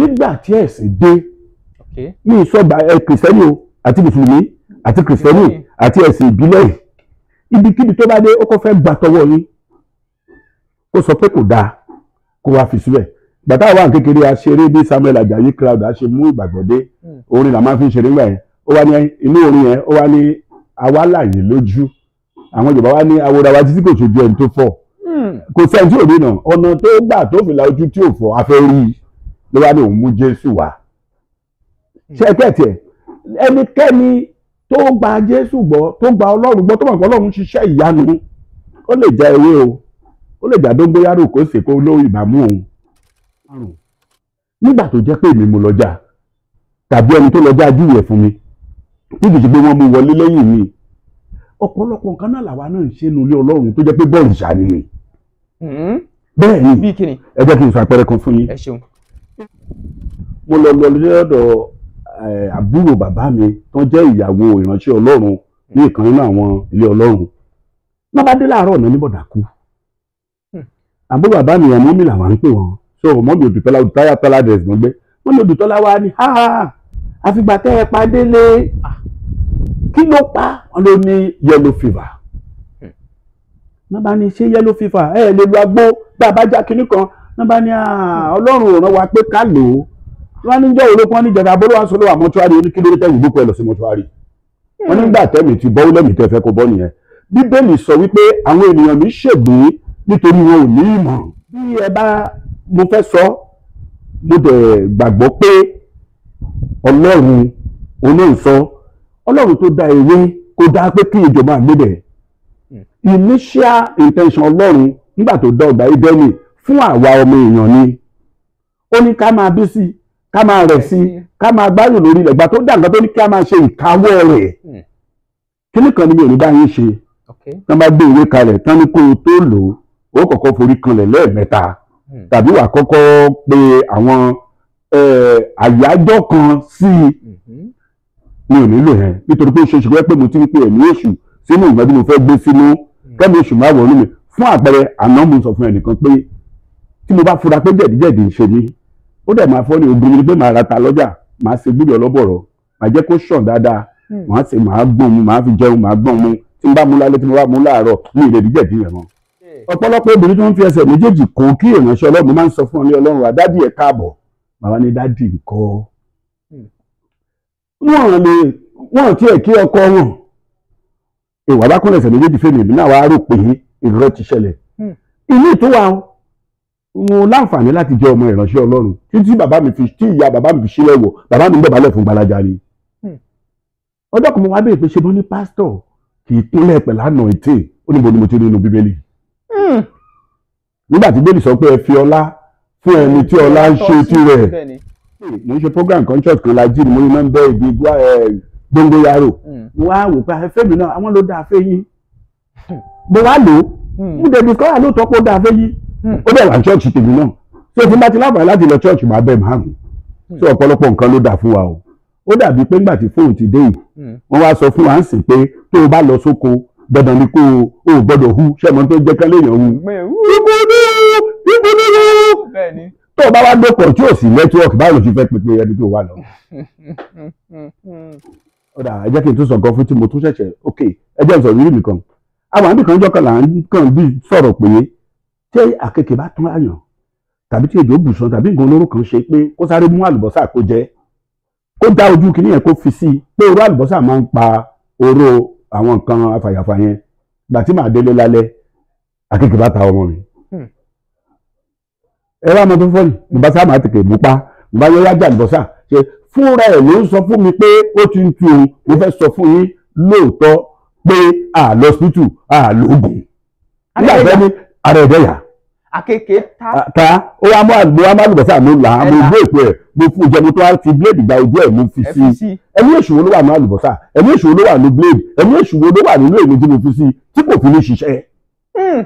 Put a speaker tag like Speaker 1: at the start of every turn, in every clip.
Speaker 1: nígbà tí ẹ̀sìn dé ní ìsọgbà ẹ kìrìsìtẹ́nì o àti mùsùlùmí àti kìrìsìtẹ́nì àti ẹ̀sìn ìbílẹ̀ ibikíbi tó bá dé ó kọ́ fẹ́ gbà tọwọ́ yín kó sọ pé kò dáa kó wá fi síbẹ̀ gbàtà wà kékeré a ṣeré bí Samuel Ajayi cloud a ṣe mú ìgbàgbọ́dé hmm. orin la máa fi ń ṣeré ńgbà yẹn ó wá ní inú orin yẹn ó wá ní awálàyè lójú àwọn Yorùbá wá ní aworawa títí kò ṣojú ẹni tó fọ hmm. kò sẹ́ni tí ò rí nà ọ̀nà tó gbà tó fi ojú tí ò fọ afẹ́ rí i ló wá lóun mú jésù wá ṣe kẹ́tẹ̀ ẹnikẹ́ni tó gba jésù gbọ́ tó gba ọlọ́run gbọ́ tó mọ̀ pé ọlọ́run ṣiṣẹ́ ìyanu ó lè jẹ ewé o ó lè jà dógbóyàrò kó sì kó lórí ìbámu òun nígbà tó jẹ́ pé èmi mo lọ́jà tàbí ẹni tó lọ́jà júwèé fún mi níbi tí pé mú wọlé lẹ́yìn mi ọ̀pọ̀lọpọ̀ nǹkan náà làwa náà ń ṣe nílé ọlọ́run tó jẹ́ pé bọ́ọ̀lù ṣàní ni. Hmm. ni ẹ jẹ́ kí n sọ àpẹẹrẹ kan fún yín mo lọ lọ lọ́dọ̀ àbúrò bàbá mi tó jẹ́ ìyàwó ìránṣẹ́ ọlọ́run ní ìkan nínú àwọn ilé ọlọ́run náà bá dé láàárọ̀ náà ní bọ̀dà kú hmm. àbúrò bàbá mi ọmọ mi làwọn ń pè wọn so mọ́mí òdùtọ́lá òdùtọ́lá tọ́lá dẹ̀sí ló gbé mọ́mí òdùtọ́lá wa ni ha àfìgbà tẹ́ ẹ pa délé ah. kí ló pa wọn ló ní yellow fever hmm. náà bá ní ṣe yellow fever ẹ lè lu agbó bá a bá já kinní kan wọ́n bá ní ọlọ́run ò rán wa pé ká lò ó wọ́n ní jọ́ olókùn wọn ní jẹ̀dá bọ́lú wa ń sọ́lọ́wà mọ́túárì oníkílódé tẹ̀wù gbókù ẹ̀ lọ sí mọ́túárì wọ́n nígbà tẹ́mi ti bọ́ lẹ́mìí tẹ́ fẹ́ kó bọ́ nìyẹn bíbélì sọ wípé àwọn ènìyàn mi ṣègbé nítorí wọn ò ní ìmọ̀ bí ẹ bá mo fẹ́ sọ mo dẹ̀ gbàgbọ́ pé ọlọ́run oníǹsọ ọlọ́run tó dá ewé kó dá pé kí ìjọba àgbébẹ̀ initial intention ọlọ́run nígbà tó dá ọgbà ìdẹ́nì fún àwa ọmọ èèyàn ni ó ní ká máa bí sí ká máa rẹ̀ sí ká máa gbáyò lórí ilẹ̀ ìgbà tó dà nǹkan tó ní ká máa ṣe ìkáwọ́ rẹ̀ hmm. kíní kan ni mi ò ní bá yín ṣe tán bá gbé ìwé kalẹ̀ tán ní kó o tó lò ó ó kọ́kọ́ forí kanlẹ̀ lẹ́ẹ̀mẹ́ta hmm. tàbí wàá kọ́kọ́ pe àwọn àyájọ́ kan sí i hmm. mi ò nílò yẹn nítorí pé ṣoṣù rẹ pé mo ti ń pe ẹ̀mí èṣù sínú ìgbà tí mo fẹ́ gbé sínú kẹ́mi èṣù máa wọ̀ ọ́ lómi fún àpẹẹrẹ àná mo sọ fún ẹnìkan pé tí mo bá fura pé jẹ̀díjẹ̀dí ń ṣe mí ó dẹ̀ máa fọ́ ni ogun mi pé màá ra ta lọ́jà màá ṣe gbúdọ̀ lọ́bọ̀rọ̀ màá jẹ́ kó sàn dáadáa hmm. màá ṣe màá gbọ̀n mu màá fi jẹun màá gbọ̀n mu tí n bá mu lálẹ́ tí mo bá mu láàárọ̀ mi ì lè rí jẹ̀dí yẹn mọ́. Hmm. ọ̀pọ̀lọpọ̀ obìnrin tí wọ́n fi ẹsẹ̀ méjèèjì kó kí ìránṣẹ́ ọlọ́run máa ń sọ fún ọlọ́run wa dádì ẹ̀ káàbọ̀ màmá ní dádì ńkọ́. Hmm. wọ́n ní wọ́n kí ọkọ mo láǹfààní láti jẹ ọmọ ìránṣẹ́ Ọlọ́run títí bàbá mi fi tí ìyá bàbá mi fi sílẹ̀ wọ bàbá mi ń dọ̀bálẹ̀ fún gbalaja ni. Hmm. ọjọ́ kan mo wá bẹ̀rẹ̀ pé ṣe bọ́ ní pásítọ̀ kì í kúnlẹ̀ pẹ̀lú àna ètè ó níbo ni mo ti rí inú bíbélì. Hmm. nígbà tí bẹ́ẹ̀ni sọ pé ẹ fi ọlá fún ẹni tí ọlá ń ṣe tirẹ̀ mo ń ṣe program kan church kan lajì ni mo ní nọ́mbẹ́ ibi gbóngbóyàrò hmm. wá wò pé afẹ́fẹ́ mi náà àwọn ló dáa fẹ́ yín mo wá lò ó mo dẹ̀ Hmm. ó dẹ̀ wà chọ́ọ̀chì tèmi náà so tí n bá ti láǹfààní láti lọ chọ́ọ̀chì máa bẹ̀ máa rùn hmm. so ọ̀pọ̀lọpọ̀ nǹkan ló dà fún wa o ó dàbí pé ńgbà tí fóònù ti dé yìí hmm. wọ́n wá sọ fún wa ń sìn pé tó o bá lọ sóko dandan ni kó o ò gbọ́dọ̀ hu ṣẹ́mọ́ tó jẹ́ kálẹ̀ èèyàn hu ibu ni ibu ni hu tó o bá wá dópọ̀ tí ò sí nẹ́tíwọ́ọ̀kì báwo ló ti fẹ́ pípé ẹni tó wà lọ. ọ̀dà ẹ jẹ́ kí n tún sọ nǹkan fún tí mo tún ṣẹ̀ṣẹ̀ ok ẹ jẹ́ n sọ ìrírí mi kan àwọn àbí kan jọ́ kan là ń kàn bí sọ̀rọ̀ pé tí àkekèé bá tán àyàn tàbí tí èdè òbùsùn tàbí nǹkan olóró kan ṣe pé kó sáré mú àlùbọ́sà kó jẹ kó dá ojú kìíní yẹn kó fi sí i pé oró àlùbọ́sà máa ń pa oró àwọn nǹkan afàyàfà yẹn gbà tí màá délé lálẹ́ àkekèé bá ta ọmọ mi. Hmm. ẹ wá mọ tó fọ́ ni mo bá sá màá tètè mú pa mo bá yọ yájà àlùbọ́sà ṣe fúnra ẹ̀ ló ń sọ fún mi pé ó ti ń tu òun mo fẹ́ sọ fún yín lóòótọ́ pé àlọ́sítù àlóògùn. nígbà tó ara ẹ̀dẹ̀ yà.
Speaker 2: àkekèé ta.
Speaker 1: ta o wá mú àgbo wá má lùbọ́sà mi là á mo gbé ìpè ẹ̀ mo fún ìjẹ́ mo tó wá fi bíléèdì gba ojú ẹ̀ mo fi sí i ẹ̀mí èṣùwò ló wà ní àlùbọ́sà ẹ̀mí èṣùwò ló wà ní bíléèdì ẹ̀mí èṣùwò ló wà nínú èmi tí mo fi sí tí kò fi ní ṣiṣẹ́.
Speaker 3: Hmm.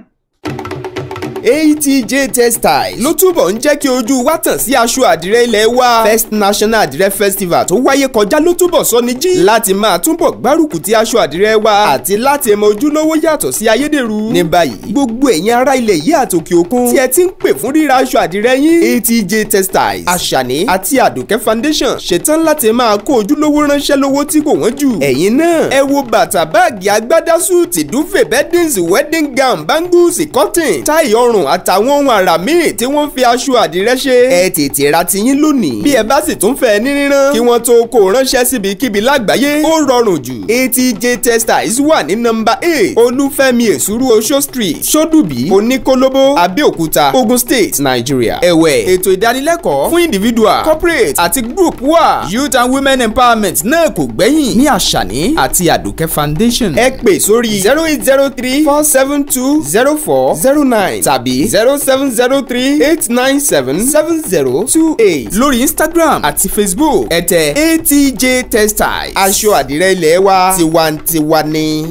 Speaker 2: ATJ Textiles ló túbọ̀ ń jẹ́ kí ojú wa tàn sí aṣọ àdìrẹ ilẹ̀ wa First National Àdìrẹ Festival tó wáyé kọjá ló túbọ̀ sọ ní jí láti máa túbọ̀ gbárùkù ti aṣọ àdìrẹ wa àti láti mọ ojúlówó yàtọ̀ sí ayédèrú ní báyìí gbogbo ẹ̀yin ará ilẹ̀ yìí àtòkè òkun tí ẹ ti ń pè fún ríra aṣọ àdìrẹ yín ATJ Textiles Àṣàní àti Àdùkẹ́ Foundation ṣetán láti máa kó ojúlówó ránṣẹ́ lówó tí kò wọ́n jù ẹ̀yin náà ẹ wo bàtà báàgì agbádásù tìdúfè bẹ́dínsì wedding gown bangles cotton táì ọrùn ọrùn àtàwọn ohun àrà míì tí wọ́n ń fi aṣọ àdìrẹ́ ṣe. ẹ tètè ra tiyín lónìí. bí ẹ bá sì tún fẹ́ ní rírán kí wọ́n tó kó ránṣẹ́ síbikíbi lágbàáyé ó rọrùn jù. atj textiles wà ní nọ́mbà eight olúfẹ́mi èsúrú oṣó street ṣódùbí oníkólóbó abẹ́òkúta ogun state nigeria. ẹ̀wẹ̀ ètò ìdánilẹ́kọ̀ọ́ fún individual corporate àti group wà youth and women empowerment náà kò gbẹ́yìn ní àṣàní àti àdùkẹ́ foundation. ẹ pè sórí zero eight zero three four seven two zero four zero nine tàbí tàbí zero seven zero three eight nine seven seven zero two eight lórí Instagram àti Facebook ẹ̀tẹ̀ ATJ textiles aṣọ àdìrẹ ilé wa tiwantiwa ni.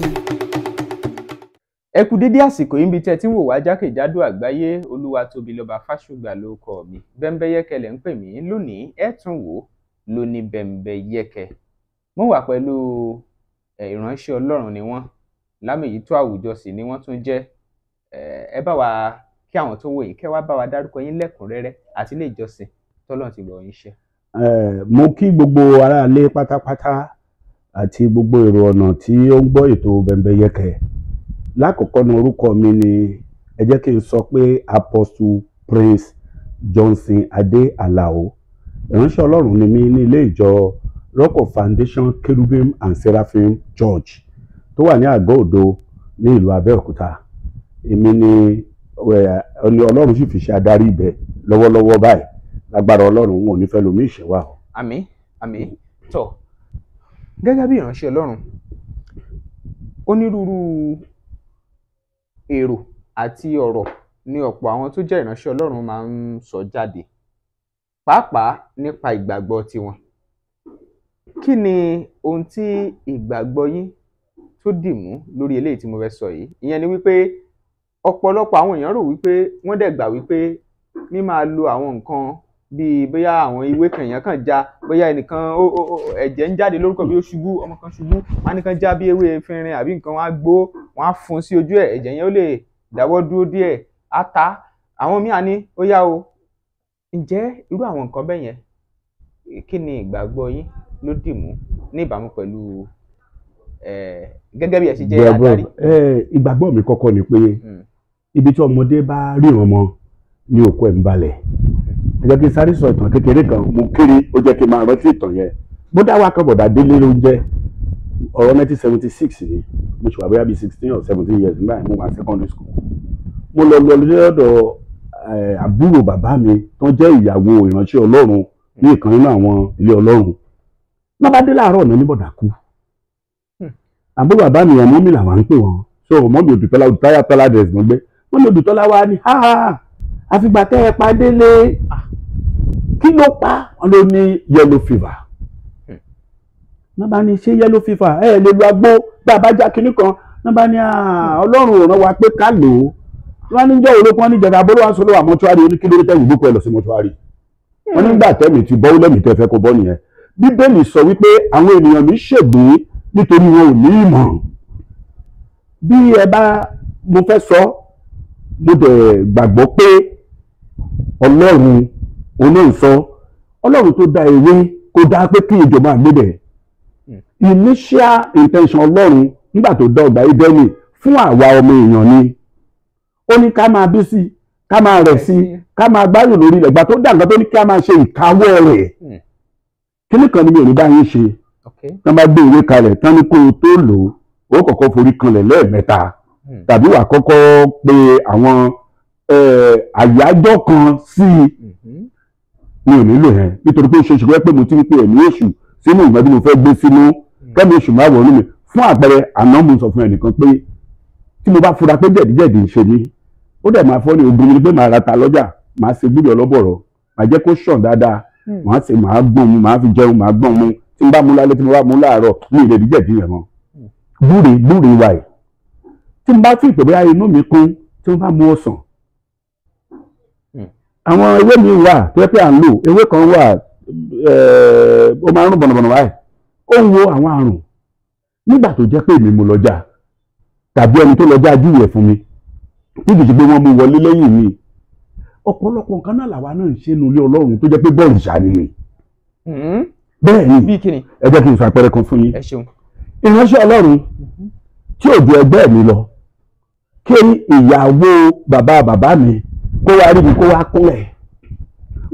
Speaker 2: ẹ kú dédé àsìkò yìí níbi tẹ́ tí ń wò wá jákèjádò àgbáyé Olúwatóbilọ́ba Fáṣùgbà ló kọ mi Bẹ́ńbẹ́yẹ́kẹ́ lẹ̀ ń pè mí lónìí ẹ̀ tún wò lóní Bẹ́ńbẹ́yẹ́kẹ́ mo wà pẹ̀lú ìránṣẹ́ Ọlọ́run ni wọ́n lámìyí tó àwùjọ sì ni wọ́n tún jẹ́ ẹ bá wa kí àwọn tó wò yìí kẹ́ wá bá wa dárúkọ yín lẹ́kùnrẹ́rẹ́ àti ilé ìjọsìn tọ́lọ́run ti gbọ́ yín
Speaker 1: ṣe. mo kí gbogbo aráalé pátápátá àti gbogbo èrò ọ̀nà tí ó ń gbọ́ ètò bẹ̀m̀bẹ̀ yẹkẹ lákòókò ní orúkọ mi ni ẹ jẹ́ kí n sọ pé apostle prince johnson adé alao ìránṣẹ́ ọlọ́run ni mí ní ilé ìjọ rock foundation kerubim and seraphim church tó wà ní àgọ́ òdo ní ìlú abẹ́òkúta èmi ni ọni ọlọ́run sì fi ṣe adarí ibẹ̀ lọ́wọ́lọ́wọ́ báyìí lágbára ọlọ́run wọn ò ní fẹ́ lomi ìṣẹ̀wá o.
Speaker 2: àmín àmín tó gẹ́gẹ́ bí ìránṣẹ́ ọlọ́run onírúurú èrò àti ọ̀rọ̀ ni ọ̀pọ̀ àwọn tó jẹ́ ìránṣẹ́ ọlọ́run máa ń sọ jáde pàápàá nípa ìgbàgbọ́ tiwọn kí ni ohun tí ìgbàgbọ́ yín tó dì mú lórí eléyìí tí mo fẹ́ sọ yìí ìyẹn ni wípé ọ̀pọ̀lọpọ̀ àwọn èèyàn rò wípé wọ́n dẹ̀ gbà wípé mímáa lo àwọn nǹkan bíi bóyá àwọn ìwé kan èèyàn kan já bóyá ẹnìkan ẹ̀jẹ̀ ń jáde lórúkọ bí ó ṣubú ọmọ kan ṣubú wọn á nìkan já bí ewé efinrin àbí nǹkan wọn á gbó wọn á fún sí ojú ẹ̀ ẹ̀jẹ̀ yẹn ó lè dáwọ́ dúró díẹ̀ á ta àwọn míì á ní ó yá o ǹjẹ́ irú àwọn nǹkan bẹ́ẹ̀ yẹn kí ni ìgbàgbọ́ yín ló dì mú ní ìbámu pẹ̀lú gẹ́gẹ́ bí ẹ ṣe jẹ́ adarí.
Speaker 1: ìgbàgbọ́ mi kọ́kọ́ ni pé hmm ibi tí ọmọdé bá ríran mọ ní òkú ẹ̀ ń balẹ̀ ẹ jẹ́ kí n sáré sọ ìtàn kékeré kan mo kéré ó jẹ́ kí n máa rántí ìtàn yẹn bódà wa kan bọ̀dà délé lóúnjẹ ọ̀rọ̀ nineteen ni mo ṣùgbọ́n bóyá bíi sixteen or seventeen years nígbà yẹn mo wà secondary school mo lọ lọ lọ́dọ̀ àbúrò bàbá mi tó jẹ́ ìyàwó ìránṣẹ́ ọlọ́run ní ìkan nínú àwọn ilé ọlọ́run náà bá dé láàárọ̀ ọ̀nà ní bọ̀dà kú hmm. àbúrò bàbá mi àmọ́ mi làwọn ń pè wọ́n so mọ́bì òdùpẹ́lá òdùtáyà pẹ́lá dẹ̀sí mo gbé wọ́n ní Odùtọ́lá wa ni àfìgbà tẹ́ ẹ pa délé ah. kí ló pa wọ́n ló ní yellow fever hmm. wọ́n bá ní ṣé yellow fever ẹ lè lu agbó bá a bá já kinní kan wọ́n bá ní hmm. ọlọ́run ò rán wa pé ká lò ó wọ́n ní jẹ́ olókun ní ìjọba abọ́lọ́wà sọ́lọ́wà mọ́túárì oníkílódé tẹ̀wù lóko ẹ̀ lọ sí mọ́túárì wọ́n hmm. nígbà tẹ́mi ti bọ́ lẹ́mìí tẹ́ fẹ́ kó bọ́ nìyẹn bíbélì sọ wípé àwọn ènìyàn mi ṣègbé nítorí wọn ò ní ìmọ̀ bí ẹ bá mo fẹ́ sọ mo dẹ̀ gbàgbọ́ pé ọlọ́run olóòsọ ọlọrun tó dá ewé kó dá pé kí ìjọba àgbébẹ̀ initial intention ọlọ́run nígbà tó dá fún àwa ọmọ èèyàn ni ó ní ká máa bí sí ká máa rẹ̀ sí hmm. ká máa gbáyò lórí ilẹ̀ ìgbà tó dàgbà tó ní ká máa ṣe ìkáwọ́ rẹ̀ hmm. kíní kan mi ò ní bá yín ṣe Hmm. tàbí wà kọ́kọ́ pe àwọn àyájọ́ kan sí i hmm. mi ò nílò yẹn nítorí pé ṣe ṣùgbọ́n pé mo ti ń pe ẹ̀mí èṣù sínú ìgbà tí mo fẹ́ gbé sínú hmm. kẹ́mi èṣù máa wọ̀ọ́nú mi fún àpẹẹrẹ àná mo sọ fún ẹnìkan pé tí mo bá fura pé jẹ̀díjẹ̀dí ń ṣe mí ó dẹ̀ máa fọ́ ní ogun mi pé màá ra ta lọ́jà màá ṣe gbúdọ̀ lọ́bọ̀rọ̀ màá jẹ́ kó ṣàn dáadáa màá ṣe màá gbọ̀n mu màá fi jẹun màá gbọ̀n mu tí n bá mu lálẹ́ tí mo bá mu láàárọ̀ mi ì lè díjẹ̀dí gbúre gbúre wáyé tí n bá fi ìpè bóyá inú mi kún tí wọ́n bá mú ọsàn hmm. àwọn ewé mi wà tó yẹ pé à ń lò ewé kan wà eh, ó máa ń rún bọ̀nàbọ̀nà wáyé ó ń wo àwọn àrùn nígbà tó jẹ́ pé èmi mo lọ́jà tàbí ẹni tó lọ́jà júwèé fún mi bí kìí pé wọ́n mú wọlé lẹ́yìn mi ọ̀pọ̀lọpọ̀ nǹkan náà làwa náà ń ṣe nílé ọlọ́run tó jẹ́ pé bọ́ọ̀lù ṣá ni mi. Hmm. bẹ́ẹ̀ ni ẹ jẹ́ kí n sọ àpẹẹrẹ kan fún yín ìránṣẹ́ ọlọ́run mm-hmm. tí ò ju ẹgbẹ́ mi lọ kí ìyàwó bàbá bàbá mi kó wá ríbi kó wá kúnlẹ̀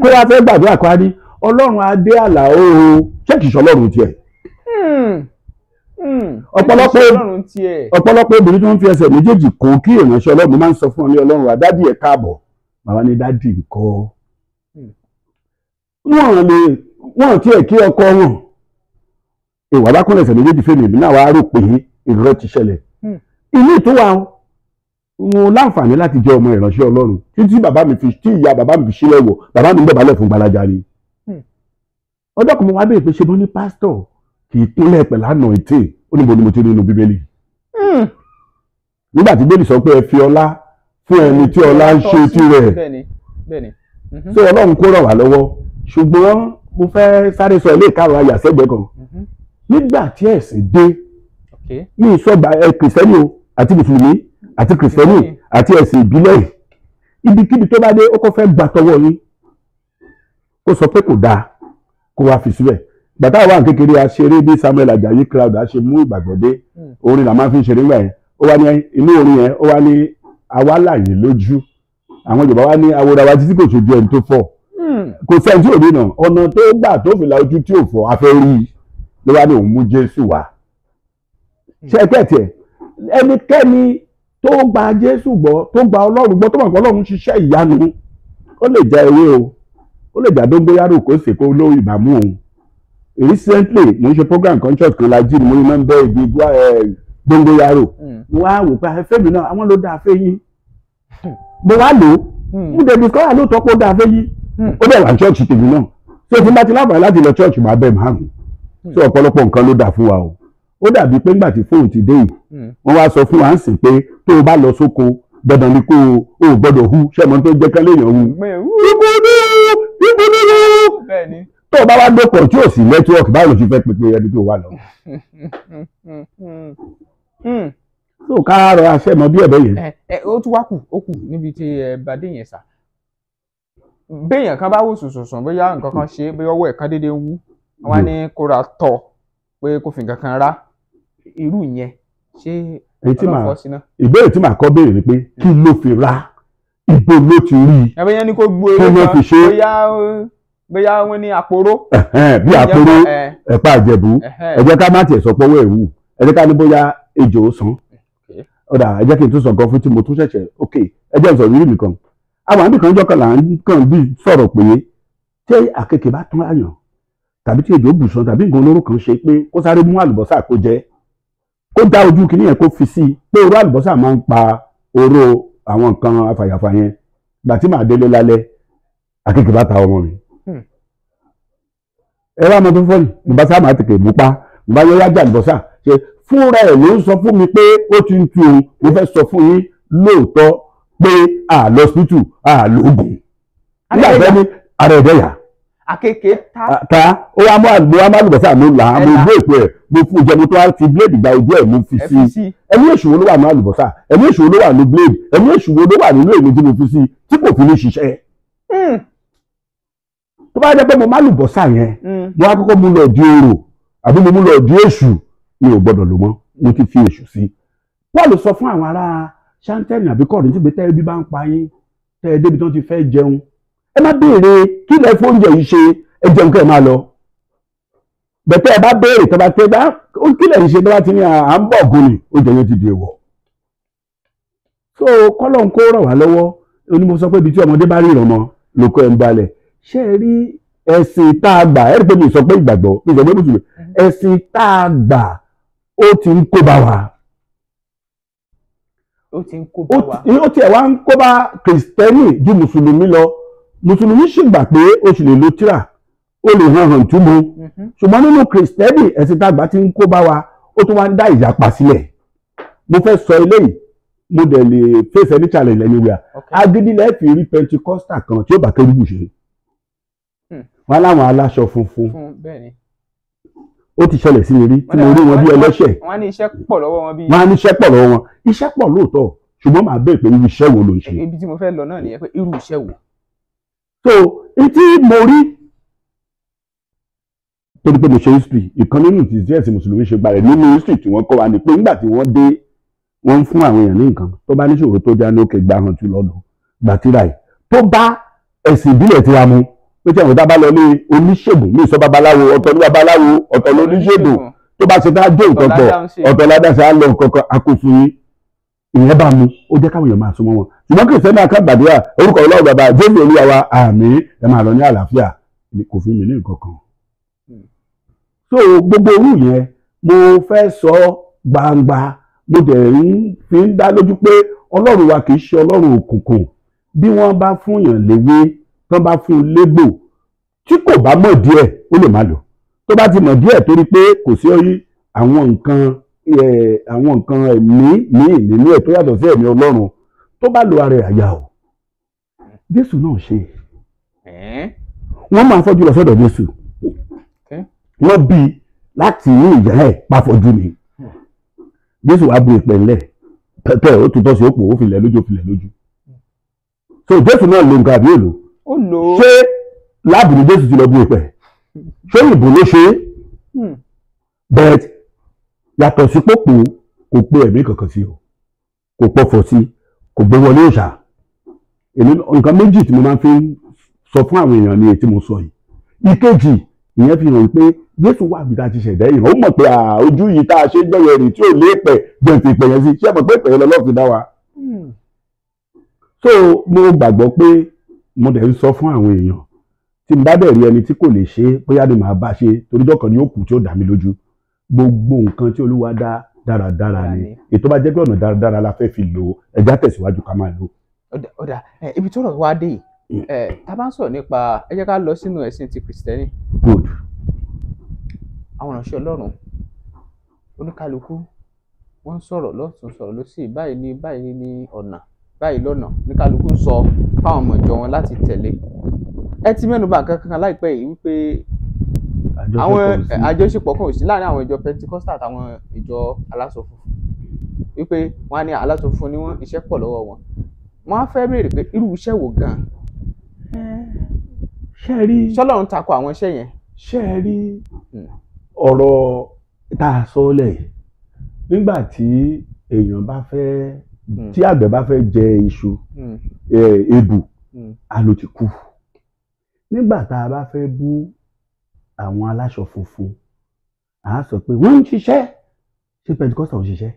Speaker 1: kó wá fẹ́ gbàdúrà kó wá rí ọlọ́run adé àlàó ṣé kìí ṣọlọ́run
Speaker 3: hmm, hmm. tiẹ̀
Speaker 1: ọ̀pọ̀lọpọ̀ ọ̀pọ̀lọpọ̀ obìnrin tó ń fi ẹsẹ̀ méjèèjì kó kí ìránṣẹ́ ọlọ́run máa ń sọ fún ọ ní ọlọ́run wa dádì ẹ̀ káàbọ̀ màmá ní dádì ńkọ́ hmm. wọn lè wọn tiẹ̀ kí ọkọ wọn ìwà bá kúnlẹ̀ ẹsẹ̀ méjèèjì fèmí ìbí náà wàá rò pé irọ́ ti ṣẹlẹ̀ ilé ìtúwà mo láǹfààní láti jẹ́ ọmọ ìránṣẹ́ Ọlọ́run títí bàbá mi fi tí ìyá bàbá mi fi sílẹ̀ wọ̀ bàbá mi ń dọ̀bálẹ̀ fún gbalaja ni. Hmm. ọjọ́ kan mo wá béèrè pé ṣe bọ́ ní pásítọ̀ kì í kúnlẹ̀ pẹ̀lú àna ètè ó ní bo ni mo ti rí inú bíbélì. Hmm. nígbà tí bẹ́ẹ̀ni sọ pé ẹ fi ọlá fún ẹni tí ọlá ń ṣe tirẹ̀.
Speaker 2: ṣé mhm.
Speaker 1: Ọlọ́run kó ràn wá lọ́wọ́ ṣùgbọ́n mo fẹ́ sáré sọ ilé ìkarùn ayà sẹ́gbẹ́ kan mhm. nígbà tí ẹ̀sìn dé mi ìsọgbà ẹ kìrìsẹ́nì o àti mùsùlùmí àti kìrìsìtẹ́nì àti ẹ̀sìn ìbílẹ̀ ibikíbi tó bá dé ó kọ́ fẹ́ gbà tọwọ́ yín kó sọ pé kò dáa kó wá fi síbẹ̀ gbàtà wà kékeré a ṣeré bí Samuel Ajayi crowd a ṣe mú ìgbàgbọ́ dé hmm. orin là máa fi ń ṣeré ńgbà yẹn ó wá ní inú orin yẹn ó wá ní àwa lójú àwọn Yorùbá wá ní awòrán títí kò ṣojú ẹni tó fọ́ hmm. kò sẹ́ni tí ò rí nà ọ̀nà tó gbà tó fi la ojú tí ò fọ́ afẹ́ ló wá ní òun mú Jésù wá hmm. ṣẹ́kẹ̀tì ẹ̀ ẹnikẹ́ni tó gba Jésù gbọ́ tó gba Ọlọ́run gbọ́ tó mọ̀ pé Ọlọ́run ṣiṣẹ́ ìyanu ó lè já ewé o ó lè já dógbéyàrò kó sì kó ló ìbámu òun recently mo ń ṣe program conscious kan la jí ni mo rí mẹ́ńbẹ́ ibi dógbéyàrò hmm. mo wá wò pé afẹ́mi ah, náà àwọn ló dá afẹ́ yín hmm. mo wá lò ó hmm. mo dẹ̀ discover lóòótọ́ pé ó dá afẹ́ yín ó dẹ̀ wà church tèmi náà so tí n bá ti lábàá láti lọ church máa bẹ̀ máa rùn so ọ̀pọ̀lọpọ̀ nǹkan ló dà fún wa o ó dàbí pé ńgbà tí fóun ti dé yìí hmm. wọ́n wá sọ fún wa ń sìn pé tó o bá lọ sóko dandan ni kó o ò gbọ́dọ̀ hu sẹ́mọ tó jẹ́ kán léèyàn hu
Speaker 3: ibùdó e ibùdó tó o
Speaker 1: bá wá dókọ̀ tí ò sí nẹ́tíwọ́ọ̀kì báwo ló ṣe fẹ́ pèpè ẹni tó wà lọ. tó o ká rọ aṣẹ́mọ bí ẹ̀bẹ̀ yẹn. ẹ
Speaker 2: eh, eh, ó tún wá kù ó kù níbi tí ẹ bá dé yẹn sà béèyàn kan bá wò sùnsùnsùn bóyá nǹkan kan ṣe bóyá ọwọ́ ẹ̀ kan déédéé wú wọ́n á hmm. ní kóra tọ̀ pé kò fi rá irú ìyẹn ṣé ọlọ́pàá sí náà.
Speaker 1: ìbéèrè tí màá kọ́ béèrè ni pé hmm. kí ló fi ra ibo ló ti rí i
Speaker 2: ẹbí yẹn ni kò gbó eré kan bóyá bóyá wọn ní àpòró.
Speaker 1: bí àpòró eh. ẹ̀pá àjẹ̀bú ẹ jẹ́ ká má tiẹ̀ sọ pọ́wọ́ ẹ̀wù ẹ jẹ́ ká ní bóyá ejò ó sàn ọ̀dà ẹ jẹ́ kí n tún sọ gan fún tí mo tún ṣẹ̀ṣẹ̀ ok ẹ jẹ́ sọ rírì nìkan àwọn àbí kan jọ́kan là ń kàn bí sọ̀rọ̀ pé tí àkekèé bá tún àyàn tàbí tí ejò bùsùn tàbí nǹkan olóró kan ṣe pé kó sáré mú àlùbọ́sà kó jẹ kó dá ojú kìíní yẹn kó fi sí i pé oró àlùbọ́sà máa ń pa oró àwọn nǹkan afàyàfà yẹn gbà tí màá délé lálẹ́ akéèké bá ta ọmọ mi. Hmm. ẹ wá mọ tó fọ́ ni mo bá sáà máa tètè mú pa mo bá yẹ wá jà àlùbọ́sà ṣe fúnra ẹ̀ ló ń sọ fún mi pé ó ti ń tu òun mo fẹ́ sọ fún yín lóòótọ́ pé àlọ́sítù àlóògùn nígbà tó ní ara
Speaker 2: àkekèé ta.
Speaker 1: ta ó wá mú àgbo wá má lùbọ́sà mi là á mo gbé ìpè ẹ̀ mo fún ìjẹun tó wá ti blade gba ojú ẹ̀ mo fi sí i ẹ̀mí èṣòro ló wà ní àlùbọ́sà ẹ̀mí èṣòro ló wà ní blade ẹ̀mí èṣòro ló wà nínú èmi tí mo fi sí i tí kò fi ní ṣiṣẹ́. Hmm. tó bá jẹ́ pé mo má lùbọ́sà yẹn hmm. mo wá kọ́kọ́ mú lọ di orò àbí mo mú lọ di èṣù mi ò gbọ́dọ̀ lò mọ́ mo ti fi èṣù sí Paul sọ fún àwọn ará Ṣáńtẹ́nì àbí Kọ́ríńtì ẹ má béèrè kí lẹ fún oúnjẹ yìí ṣe ẹ jẹun kẹ́ ẹ máa lọ bẹ̀tẹ̀ ẹ bá béèrè tó bá bá kí lẹ ṣe bá ti ní à ń bọ̀ gùn oúnjẹ yóò ti di èèwọ̀ so kọ́lọ̀ ń kó ràn wá lọ́wọ́ onímọ̀ sọ pé ibi tí ọmọdé bá rí ìrànmọ lóko ẹ̀ ń balẹ̀ ṣé ẹ rí ẹ̀sìn tá a gbà ẹ rí pé mi sọ pé ìgbàgbọ́ mi sọ pé mùsùlùmí mm-hmm. ẹ̀sìn tá a gbà ó ti ń kó bá wa
Speaker 2: ó ti ń kó bá wa
Speaker 1: ó tiẹ̀ wá ń kó bá kìrìsìtẹ́nì ju mùsùlùmí lọ mùsùlùmí sì gbà pé o sì lè lo tírà o lè hàn hàn túmọ̀ mm-hmm. ṣùgbọ́n nínú kìrìsìtẹ́nì ẹ̀sìn tàgbà ti ń kó bá wa ó tún wá ń dá ìyapa sílẹ̀ mo fẹ́ sọ eléyìí mo dẹ̀ lè face any challenge anywhere agídílẹ̀ fi rí pentikosta kan tí ó bá kérúbù ṣe hmm. wọn láwọn aláṣọ funfun ó ti ṣẹlẹ̀ sí mi rí tí mo rí wọn bí ẹlẹ́ṣẹ̀
Speaker 2: wọn á ní iṣẹ́ pọ̀ lọ́wọ́
Speaker 1: wọn iṣẹ́ pọ̀ lóòótọ́ ṣùgbọ́n màá bẹ̀rẹ̀ pé irú iṣẹ́ wo ló ń ṣe.
Speaker 2: ibi tí mo fẹ́ lọ náà nìyẹn pé irú iṣẹ́ wo so etí mo rí
Speaker 1: torí pé mo ṣe history ìkan nínú ti díẹ̀ sí mùsùlùmí ṣe gbalẹ̀ nínú history tí wọ́n kọ́ wa ni pé nígbà tí wọ́n dé wọ́n ń fún àwọn èèyàn ní nǹkan tó bá níṣòro tó já ní òkè gbà hàn tú lọ́dọ̀ gbàtíra yìí tó bá ẹ̀sìn ìbílẹ̀ tí a mú pé tí àwọn ìta bá lọ ní oníṣègùn ní ìsọ babaláwo ọ̀tọ̀ ní babaláwo ọ̀tọ̀ ní oníṣègùn tó bá ṣe dájọ́ nǹkan pọ̀ ọ̀tọ̀ ládàṣe á lọ nǹkan kan akófin ìyẹn bá mu ó jẹ́ káwọn èèyàn máa súnmọ́ wọn ṣùgbọ́n kìrìsìtẹ́nì akábàdúrà orúkọ ọlọ́run bàbá jésù olúwa wa àmín ẹ máa lọ ní àlàáfíà kò fi mí ní nǹkan kan. so gbogbo orú yẹn mo fẹ́ sọ gbangba mo dẹ̀ fi ń dá lójú pé ọlọ́run wa kì í ṣe ọlọ́run òkùnkùn bí wọ́n bá fúnyàn léwé tán bá fún un légbò tí kò bá mọ̀ díẹ̀ ó lè má lò tó bá ti mọ̀ díẹ̀ torí pé kò sí àwọn nǹkan àwọn nǹkan ẹ̀mí míì nínú ẹ̀ tó yàtọ̀ sí ẹ̀mí ọlọ́run tó bá lo ara ẹ̀ àyà o jésù náà ṣe wọ́n máa fọ́jú lọ sọ́dọ̀ jésù wọ́n bí láti inú ìyá ẹ̀ pàfọ́jú ni jésù wàá bu ìpè ńlẹ̀ pẹpẹ ó tutọ́ sí òpò ó filẹ̀ lójú ó filẹ̀ lójú so jésù náà lo nǹkan àbí èlò ṣé láàbù ni jésù ti lọ bu ìpè ṣé ìbò ló ṣe é hmm. bẹ́ẹ̀ yàtọ̀ sí pópò kò pe ẹ̀mí kankan sí o kò pọ̀fọ̀ sí i kò gbé wọlé ìṣà nǹkan méjì tí mo máa fi sọ fún àwọn èèyàn ni èyí tí mo sọ yìí ìkejì ìyẹn fi hàn pé Jésù wà bí ta ti ṣẹ̀dá èèyàn ó mọ̀ pé ojú yìí tá a ṣe gbẹ̀yẹ̀ rè tí ò lé pẹ̀ jẹ̀ǹtì ìpẹ̀ sí ṣé mọ̀ pé ìpẹ̀ yẹn lọ́lọ́ dá wa. Hmm. so mo gbàgbọ́ pé mo dẹ̀ ń sọ fún àwọn èèyàn tí n bá dẹ̀ rí ẹni tí kò lè ṣe bóyá ni màá bá ṣe torí jọ́kan ni ó kù tí ó dá mi lójú gbogbo nǹkan tí Olúwa dá dáradára ni ètò bá jẹ́ pé ọ̀nà dáradára la fẹ́ fi lò ẹja tẹ̀síwájú ká máa lò.
Speaker 2: ọ̀dà ibi tó rọ̀ wá dé yìí mm. tá a bá ń sọ̀rọ̀ nípa ẹ jẹ́ ká lọ sínú ẹ̀sìn ti kìrìsìtẹ́nì. good. àwọn ìránṣẹ́ ọlọ́run oníkálukú wọ́n ń sọ̀rọ̀ lọ́tún sọ̀rọ̀ lọ́sì báyìí ní báyìí ní ọ̀nà báyìí lọ́nà oníkálukú ń sọ fáwọn ọmọ ìjọ wọn láti tẹ̀lé ẹ ti mẹ́nuba kankan láìpẹ́ yìí wípé àwọn àjọṣepọ̀ kan ò sí láàrin àwọn ìjọ pentikosta àtàwọn ìjọ aláṣọ funfun wípé wọ́n á ní aláṣọ funfun ni wọ́n iṣẹ́ pọ̀ lọ́wọ́ wọn wọ́n á fẹ́ béèrè pé irú iṣẹ́ wo gan-an ṣe rí ṣọlọ́run takò àwọn iṣẹ́ yẹn
Speaker 1: ṣe rí hmm. ọ̀rọ̀ tá a sọ lẹ̀ nígbà tí èèyàn bá fẹ́ hmm. tí àgbẹ̀ bá fẹ́ jẹ iṣu hmm. eh, ebù a ló ti kú nígbà tá a bá fẹ́ bú àwọn aláṣọ funfun à á sọ pé wọ́n ń ṣiṣẹ́ ṣé pentikosta ò ṣiṣẹ́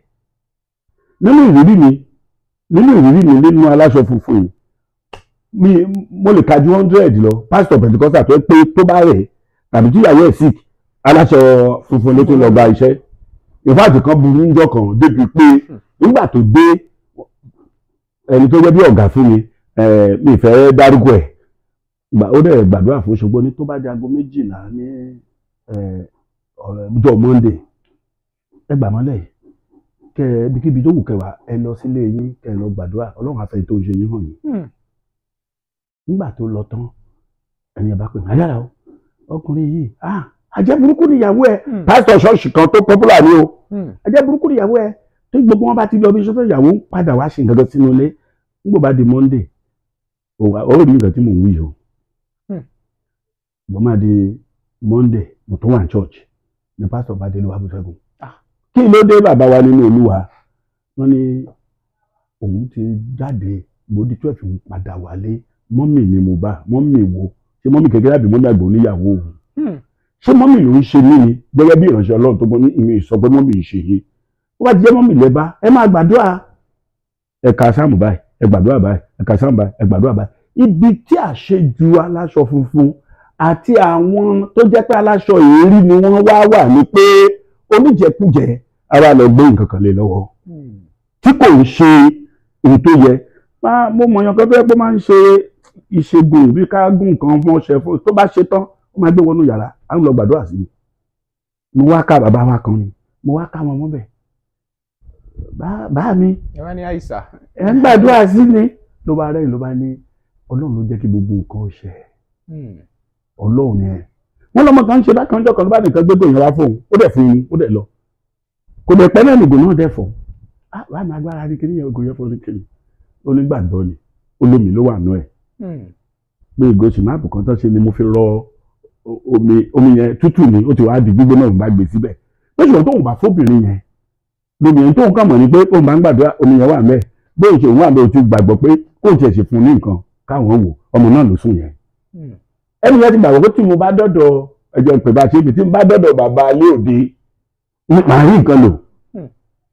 Speaker 1: nínú ìrírí mi nínú ìrírí mi nínú aláṣọ funfun yìí mi mo lè ka ju hundred lọ pásítọ̀ pentikosta tó pé tó bá rẹ̀ tàbí tíyàwó ẹ̀ sick aláṣọ funfun ló tún lọ gba iṣẹ́ ìfáàtì kan burú níjọ́ kan débi pé nígbà tó dé ẹni tó jẹ́ bí ọ̀gá fún mi eh, mi fẹ́ dárúkọ ẹ̀ gbà ó dẹ̀ gbàdúrà fún ṣùgbọ́n ní tó bá di aago méjìlá ní ọjọ́ monday ẹ gbà mọ́lẹ̀ kẹ ibikíbi tó wù kẹwàá ẹ lọ sílé yín kẹ lọ gbàdúrà ọlọ́run àfẹ́ tó ń ṣe yín hàn yín hmm. nígbà tó lọ tán ẹni ẹ bá pè mí ayára o ọkùnrin yìí ah ajẹ́ burúkú nìyàwó ẹ hmm. pásítọ̀ ṣọ́ọ̀ṣì kan tó pọ́pùlà ni o hmm. ajẹ́ burúkú nìyàwó ẹ tó gbogbo wọn bá ti lọ bí sọ́tọ̀ ìyàwó padà wá ṣe nǹkan kan sínú ilé nígbà bá di monday ó rí nǹkan tí mò ń wí o ṣùgbọ́n máa di monday mo tún wà ní church ní pastor bá dé ló bá bú sẹ́gun kí ló dé bàbá wa nínú olúwa wọ́n ní òun ti jáde gbòdì twelve òun padà wálé mọ́mì ni mo bá mọ́mì wo ṣé mọ́mì kékeré àbí mọ́mì àgbà oníyàwó òun hmm. ṣé mọ́mì ló ń ṣe mí ni gẹ́gẹ́ bí ìránṣẹ́ ọlọ́run tó gbọ́ ní ìmí sọ pé mọ́mì ń ṣe yìí ó bá ti jẹ́ mọ́mì lẹ́bá ẹ máa gbàdúrà ẹ ka sáàmù báyìí ẹ gbàdúrà báyìí ẹ ka sáàmù báyìí ẹ gbàdúrà báyìí ibi tí àṣejù aláṣọ funfun àti àwọn tó jẹ́ pé aláṣọ ìrírí ni wọ́n wá wà ní pé oníjẹkújẹ ara lọ gbé nǹkan kan lé lọ́wọ́ tí kò ń ṣe èyí tó yẹ mo mọ̀yàn kan tó yẹ pé máa ń ṣe ìṣègùn bí ká gún nǹkan mọ́ ṣe fún tó bá ṣe tán ó máa gbé wọnú yàrá à ń lọ gbàdúrà sí mi mo wá ká bàbá wa kan ni mo wá ká wọn mọ́bẹ̀ bá mi
Speaker 2: ẹ̀ ń gbàdúrà sí
Speaker 1: mi ló bá rẹ́yìn ló bá ní ọlọ́run ló jẹ́ kí gbogbo nǹkan ṣe ọlọ́run ni ẹ wọ́n lọ́mọ kan ń ṣe bákan jọ̀kan bá nìkan gbégbó yẹn wá fóun ó dẹ̀ fún yín ó dẹ̀ lọ kò dẹ̀ pẹ́ náà nìgò náà dẹ̀ fọ́ ah, wà á máa gbára ní kíní yẹn ògùn yẹn fọ́nrí kíní onígbàgbọ́ ni olómi ló wà nù ẹ̀ hmm. pé ìgò sìmáàpù kan tó ṣe ni mo fi rọ omi omi yẹn tútù ni ó ti wá di gbígbóná òun bá gbé síbẹ̀ pé ṣùgbọ́n tóun bá fóbìnrin yẹn lómi yẹn tóun kà mọ̀ ni pé òun bá ń gbàdúrà omi yẹn wà mẹ́ bóun ṣe òun wà mẹ́ o ti gbàgbọ́ pé kóun ti ẹ̀ ṣe fún ní nǹkan káwọn wò ọmọ náà ló sùn yẹn hmm ẹni yẹn ti gbàgbọ́ pé tí mo bá dọ́dọ̀ ẹjọ́ ìpè bá ṣe ibi tí mo bá dọ́dọ̀ bàbá alẹ́ òde màá rí nǹkan lò hmm.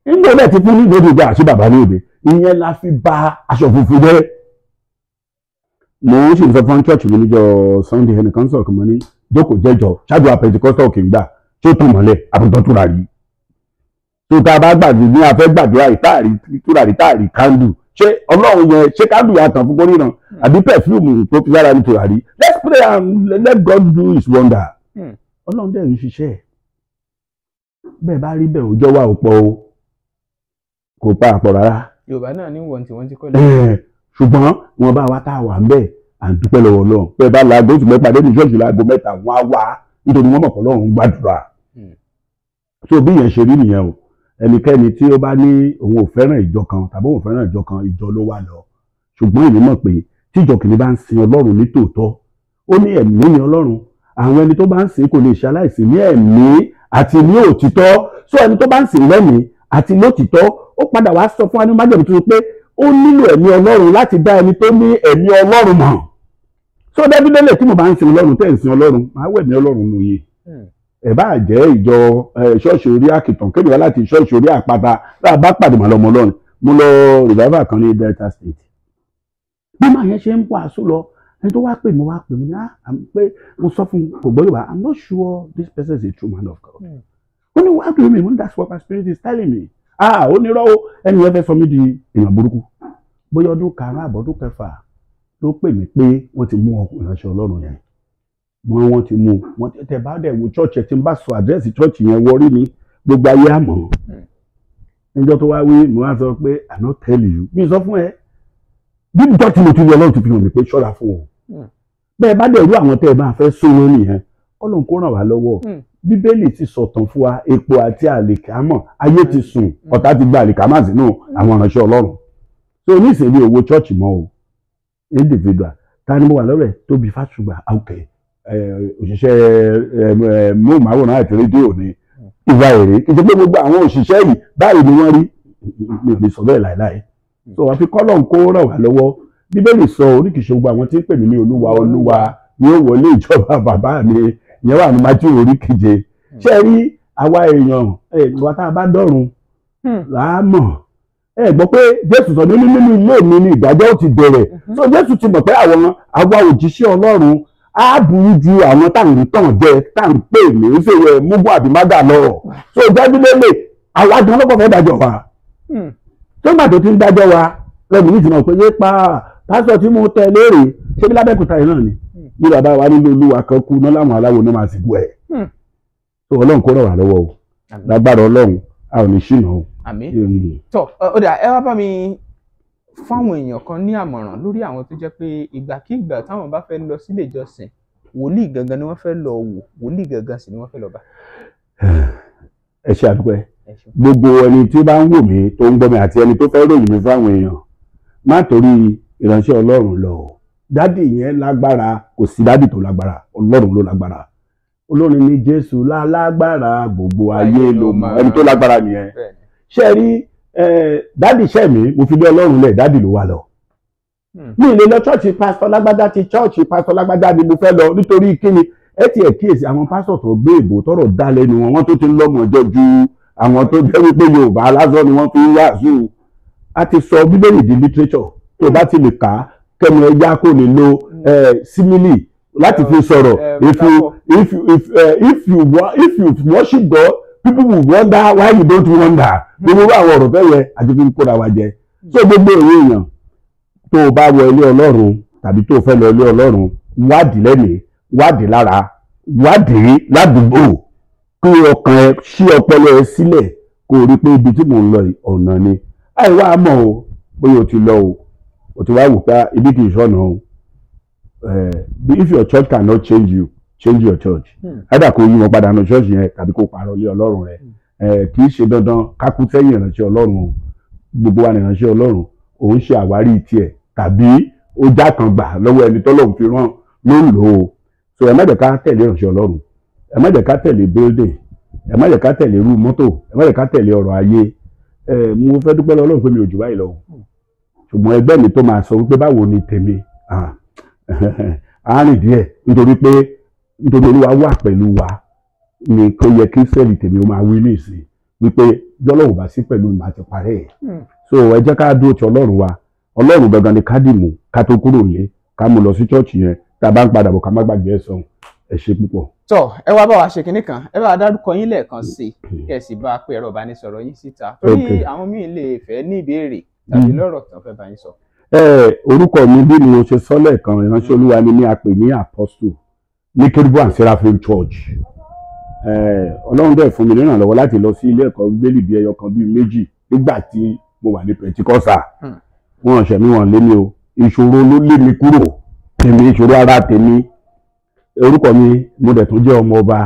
Speaker 1: nígbà bẹ́ẹ̀ ti fún ní ìgbòdì ìgbà àti bàbá alẹ́ òde ìyẹn la fi ba aṣọ funfun jẹ́ mo ń ṣe nǹkan fún church mi níjọ́ Sunday ẹnìkan sọ̀rọ̀ kan mọ́ ní jókòó jẹ́jọ́ ṣáàjú apẹ̀tìkọ́sọ̀ òkè gbà tí ó tàn mọ́lẹ̀ àbùtọ́ túra rí tó ta bá gbàgbé ní afẹ́ gbàdúrà ìtàrí túra rí táàrí kándù ṣé ọlọ́run yẹn ṣé ká lùyà tàn fún kórìíran hmm. àbí pẹ̀fúmù tó fi sára ní tòwárí let's pray and let God do his wonder hmm. ọlọ́run dẹ̀ ń ṣiṣẹ́ bẹ́ẹ̀ bá rí bẹ́ẹ̀ òjọ́ wa ò pọ̀ o kò pa àpọ̀ rárá.
Speaker 2: yorùbá náà ní wọn tí wọn ti kọ́
Speaker 1: lẹ́yìn. ṣùgbọ́n wọn bá wa tá a wà ń bẹ̀ à ń dúpẹ́ lọ́wọ́ lọ́wọ́ bẹ́ẹ̀ bá laago oṣù mẹ́ta dé ní ṣọ́ọ̀ṣì laago mẹ́ta wọn á wá nítorí wọn mọ̀ hmm. so bí yẹn ṣe ẹnikẹ́ni tí ó bá ní òun ò fẹ́ràn ìjọ kan tàbí òun ò fẹ́ràn ìjọ kan ìjọ ló wà lọ ṣùgbọ́n èmi mọ̀ pé tíjọ kìíní bá ń sin ọlọ́run ní tòótọ́ ó ní ẹ̀mí ni ọlọ́run àwọn ẹni tó bá ń sìn kò lè ṣaláìsí ní ẹ̀mí àti ní òtítọ́ so ẹni tó bá ń sìn lẹ́mìí àti lótìtọ́ ó padà wá sọ fún wa ní májèlé tuntun pé ó nílò ẹ̀mí ọlọ́run láti dá ẹni tó ní ẹ̀mí ọlọ́run mọ̀ so dájúdélé tí mo bá ń sin ọlọ́run tẹ́ ń sin ọlọ́run màá wẹ̀mí ọlọ́run nù yìí ẹ bá jẹ́ ìjọ ṣọ́ọ̀ṣì orí àkìtàn kébìlá láti ṣọ́ọ̀ṣì orí àpáta tá a bá pàdé màlọ́mọ ọlọ́run mo lọ revival kan ní Delta State bí màá yẹn ṣe ń wàásù lọ ẹni tó wá pè mí wá pè mí náà ah, pé mo sọ fún kò gbọ́dọ̀ wá I'm not sure this person is a true man of God hmm. ó ní wàá pè mí mo ní that's what my spirit is telling me ah ó ní rọ́wọ́ ẹni yẹn fẹ́ sọ mí di èèyàn burúkú bóyá ọdún karùn-ún àbọ̀dún kẹfà ló pè mí pé wọ́n ti mú ọkùnrin ránṣẹ́ ọlọ́run yẹn wọn wọn ti mú wọn tẹ bá dẹ wo church ẹ ti bá sọ àdírẹ́sì church yẹn wọrí ni gbogbo ayé àmọ́ hmm. níjọ́ tó wá wí mo wá sọ pé i no tell you mi sọ fún ẹ bí níjọ́ tí mo ti rí ọlọ́run ti fi hàn mí pé ṣọ́ra fún ọ hmm. bẹ́ẹ̀ bá dẹ̀ rú àwọn tẹ́ ẹ máa fẹ́ sún wọn nìyẹn ọlọ́run kó ràn wá lọ́wọ́ hmm. bíbélì ti sọ̀tàn fún wa epo àti àlìkámọ̀ ayé ti sùn ọ̀tá ti gba àlìkámọ̀ sínú àwọn ìránṣẹ́ ọlọ́run tó ní ìsèlú owó church mọ́ o individual ta ni mo wà lọ́rẹ̀ tóbi fásùgbà àwùkẹ́ òṣìṣẹ́ móhùnmáwòrán àti rédíò ni ìwà èrè kì í ṣe pé gbogbo àwọn òṣìṣẹ́ yìí báyìí ni wọ́n rí mi ò lè sọ bẹ́ẹ̀ láéláé so àfi kọ́lọ́n kó ràn wá lọ́wọ́ bíbélì sọ oríkìṣe gbogbo àwọn tí ń pè mí ní olúwa olúwa ni ó wọlé ìjọba bàbá mi ìyẹn wà ní májú orí keje ṣé rí àwa èèyàn ìwà tá a bá dọ̀run hmm. láàmọ̀ ẹ gbọ́ pé jésù sọ nínú nínú ilé mi ni ìdájọ́ ti bẹ̀rẹ̀ mhm. so jésù ti mọ̀ pé àwọn àwa òjíṣẹ́ ọlọ́run á burú ju àwọn táwọn tàn jẹ táwọn pè ní ìfèwé mugun àbímágà lọ so dájúlélè àwọn àdùn ọlọ́pàá fẹ́ẹ́ dájọ́ wa hmm. tó gbà tó ti ń dájọ́ wa lẹ́nu ìjùmọ̀ pé yé pa pásítọ̀ tí mo tẹ léèrè ṣé bí lábẹ́kúta yìí náà ni hmm. bí bàbá wa nílé olúwa kan kú náà láwọn aláwo náà máa sì gbọ́ ẹ̀ tó ọlọ́run kó rọ̀ wá lọ́wọ́ o lágbára ọlọ́run a ò ní ṣìnà o.
Speaker 2: àmín tó ọ̀dà ẹ wá bá mi fáwọn èèyàn kan ní àmọ̀ràn lórí àwọn tó jẹ́ pé ìgbàkigbà táwọn bá fẹ́ lọ sílé ìjọsìn wòlíì gangan ni wọ́n fẹ́ lọ wò wòlíì gangan sì ni wọ́n fẹ́ lọ bá.
Speaker 1: ẹ ṣe àdúpẹ́ gbogbo ẹni tí ó bá ń wò mí tó ń gbọ́ mi àti ẹni tó fẹ́ ròyìn mi fáwọn èèyàn má torí ìránṣẹ́ ọlọ́run lọ o dádì yẹn lágbára kò sí dádì tó lágbára ọlọ́run ló lágbára olórin ni jésù lálágbára gbogbo ayé ló mọ̀ ẹni tó lágbára nìyẹn ṣe rí dádì iṣẹ́ mi mo fi lé ọlọ́run lẹ̀ dádì ló wà lọ. Hmm. mi ì lè lọ chọ́ọ̀chì pásítọ̀ lágbádá ti chọ́ọ̀chì pásítọ̀ lágbádá ni mo fẹ́ lọ nítorí kíni ẹ ti ẹ̀ kíyèsí àwọn pásítọ̀ tó gbé ìbò tọrọ dá lẹ́nu wọn wọ́n tó ti ń lọ́mọ ọjọ́ ju àwọn tó jẹ́ wípé yorùbá lásán ni wọ́n fi ń wàásù a ti sọ bíbélì di literature tó bá ti lè kà á kẹ́nu ẹja kò ní lo simili láti fi sọ̀rọ̀ hmm. if you if you if you if you worship God people will wonder why you don't wonder gbogbo àwọn ọ̀rọ̀ bẹ́ẹ̀ yẹ àti fi ń kóra wa jẹ so gbogbo èyí èèyàn tó o bá wọ ilé ọlọ́run tàbí tó o fẹ́ lọ ilé ọlọ́run wádìí lẹ́nìí wádìí lára wádìí ládùúgbò kí ọkàn ẹ ṣí ọpọlọ ẹ sílẹ̀ kó o rí pé ibi tí mò ń lọ ọ̀nà ni àìwá mọ̀ o bóyá o ti lọ o o ti wá wò pé ah, ibi kì í sọ̀nà o eh, if your church cannot change you change your church hmm. either kò yí wọn padà nù ṣọ́ọ̀ṣì yẹn tàbí kò parọ́ lé ọlọ́run rẹ hmm. kì í ṣe dandan kákú sẹ́yìn ìránṣẹ́ ọlọ́run o gbogbo wa nìránṣẹ́ ọlọ́run òun ṣe àwárí tiẹ̀ tàbí ó já kan gbà lọ́wọ́ ẹni tọ́lọ́run fi rán ló ń lò ó so ẹ má jẹ́ ká tẹ̀lé ìránṣẹ́ ọlọ́run ẹ má jẹ́ ká tẹ̀lé building ẹ má jẹ́ ká tẹ̀lé irú mọ́tò ẹ má jẹ́ ká tẹ̀lé ọ̀rọ̀ ayé ẹ mo fẹ́ dúpẹ́ lọ́lọ́run pé mi ò jù báyìí lọ hmm. ṣùgbọ́n ẹgbẹ́ mi tó máa sọ wípé báwo ni tèmi àárín díẹ̀ nítorí pé nítorí olúwa wà pẹ̀lú wa ni kò yẹ kí sẹ́ẹ̀lì tèmi ó máa wí ní ìsìn wípé jọ́lọ́run bá sí pẹ̀lú màá ti parẹ́ ẹ̀ hmm. so ẹ jẹ́ ká dúró ti ọlọ́run wa ọlọ́run gangan ni ká dìmú ká tó kúrò lé ká mú lọ sí chọ́ọ̀chì yẹn tá a bá ń padà bọ̀ ká má gbàgbé ẹ̀ sọ̀hún ẹ ṣe púpọ̀. tọ ẹ wá
Speaker 2: bá wa ṣe kinní kan ẹ bá dárúkọ yín lẹ́ẹ̀kan sí i kẹ ẹ sì bá a pé ẹ̀rọ ìbánisọ̀rọ̀ yín síta torí àwọn míì lè fẹ́ ní ìbéèrè tàbí hmm. lọ́rọ̀ tán fẹ́ bá yín sọ.
Speaker 1: ẹ orúkọ mi bí mo ṣe sọ lẹ́ẹ̀kan ìránṣẹ́ olúwa ni mí a pè ní apostle ní kérúbù and seraphim church ọlọ́run dẹ̀ fún mi ní ìrànlọ́wọ́ láti lọ sí ilé ẹ̀kọ́ bíbélì bíi ẹyọ kan bíi méjì nígbà tí mo wà ní pentikọ́sà hmm. wọn ọ̀sẹ̀ mi wọn lé mi o ìṣòro ló lé mi kúrò tèmi ìṣòro ara tèmi orúkọ mi mo dẹ̀ tún jẹ́ ọmọ ọba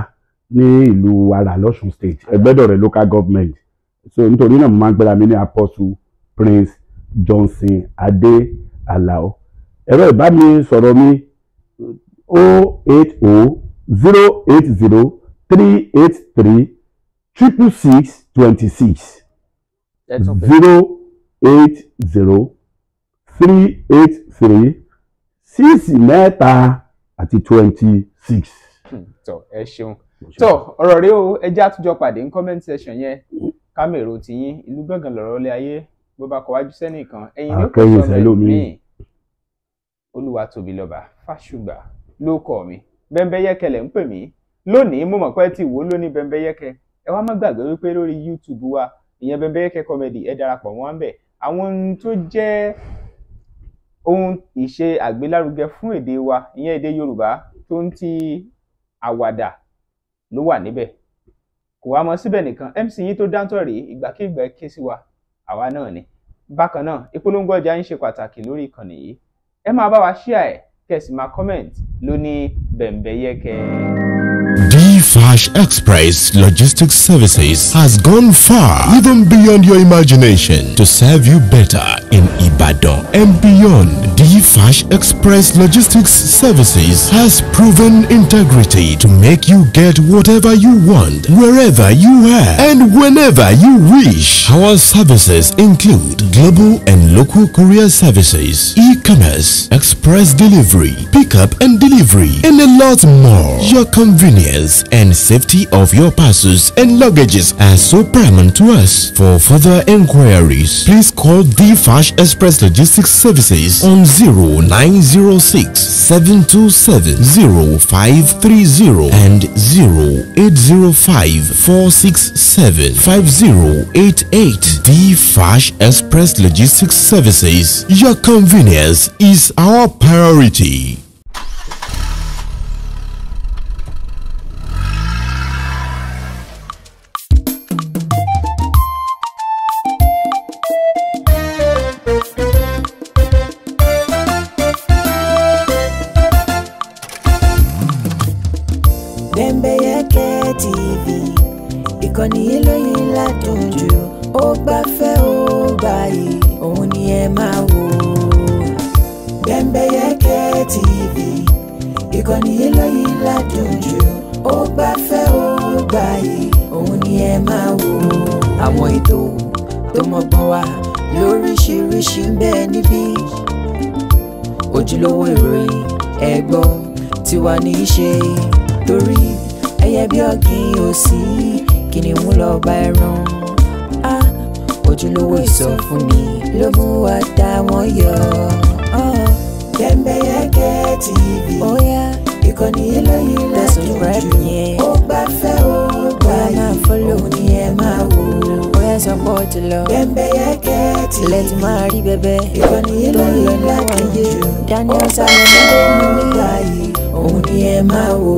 Speaker 1: ní ìlú ara lọ́sùn state ẹgbẹ́dọ̀rẹ́ local government so nítorí náà mo máa ń gbéra mi ní apostle prince johnson adé alao ẹ̀rọ ìbánisọ̀rọ̀ mi 080 080 383 triple six twenty six
Speaker 2: zero
Speaker 1: eight zero three eight three six mẹ́ta àti twenty six.
Speaker 2: Hmm, tọ ẹ ṣeun tọ ọ̀rọ̀ rẹ o ẹ jẹ́ àtúnjọ pàdé ní comment section yẹn kámẹ́rò tiyín ìlú gángan lọ̀rọ̀ lé ayé bó bá kọ wájú sẹ́nìkan ẹ̀yin ní kò sọ mẹ́rin olúwa tóbi lọ́ba fáṣùgbà. ló kọ mi bẹ́ńbẹ́yẹ́kẹ́ lẹ̀ ń pè mí lónìí mo mọ̀ pé tí wò lóní bẹ́ńbẹ́yẹ́kẹ́ ẹ wá má gbàgbé wípé lórí YouTube wa ìyẹn bẹ́ńbẹ́yẹ́kẹ́ comedy ẹ darapọ̀ mọ́ ń àwọn ohun tó jẹ́ ohun ìṣe àgbélárugẹ fún èdè wa ìyẹn èdè Yorùbá tó ń àwàdà ló wà níbẹ̀ kò mọ síbẹ̀ nìkan MC yín tó dáńtọ̀ rèé ìgbàkigbà ké wa àwa náà ni bákan náà ìpolongo ọjà kẹ́sì máa comment lóní bẹ̀m̀bẹ̀yẹ́kẹ́.
Speaker 4: Flash Express Logistics Services has gone far, even beyond your imagination, to serve you better in Ibadan and beyond. Flash Express Logistics Services has proven integrity to make you get whatever you want, wherever you are, and whenever you wish. Our services include global and local courier services, e-commerce, express delivery, pickup and delivery, and a lot more. Your convenience and safety of your parcels and luggages are so paramount to us. For further inquiries, please call the Fash Express Logistics Services on 0906 727 0530 and 0805 467 The Fash Express Logistics Services. Your convenience is our priority.
Speaker 3: fẹ́ o báyìí òun ni ẹ máa wò. Bembeyeke TV ìkànnì eléyìí ládùn jù ó gbà fẹ́ o báyìí òun ni ẹ máa wò. àwọn ètò tó mọ́gbọ́n wá lóríṣiríṣi ń bẹ níbí ojúlówó ìròyìn ẹ̀gbọ́n tí wàá ní í ṣe torí ẹyẹ bí ọ̀gìn òsì kìnìún lọ́ọ́ bá ẹran ojúlówó ìsọfúnni ló mú wa dá wọn yọ. Bẹ́mbẹ́yẹ́kẹ́ TV ìkànnì eléyìí lẹ́dùn jù ó bá fẹ́ ó gbà yìí òun ni ẹ máa wò. bóyá sọpọ́ọ̀tì lọ Bẹ́mbẹ́yẹ́kẹ́ TV lẹ́tì máa rí bẹ́bẹ́ ìkànnì eléyìí lẹ́dùn jù Daniel Salomon ló mú mi gbà yìí òun ni ẹ máa wò.